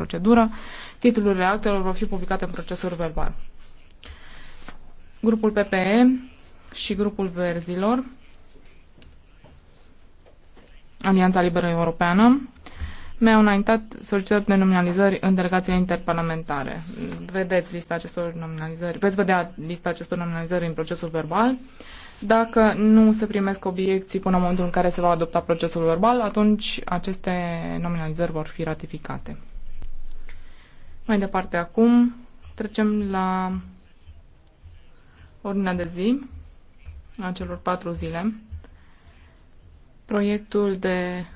procedură. Titlurile actelor vor fi publicate în procesul verbal. Grupul PPE și grupul Verzilor, Alianța Liberă Europeană, mi-au înaintat solicitări de nominalizări în delegațiile interparlamentare. Vedeți lista acestor nominalizări, veți vedea lista acestor nominalizări în procesul verbal. Dacă nu se primesc obiecții până în momentul în care se va adopta procesul verbal, atunci aceste nominalizări vor fi ratificate. Mai departe acum trecem la ordinea de zi a celor patru zile. Proiectul de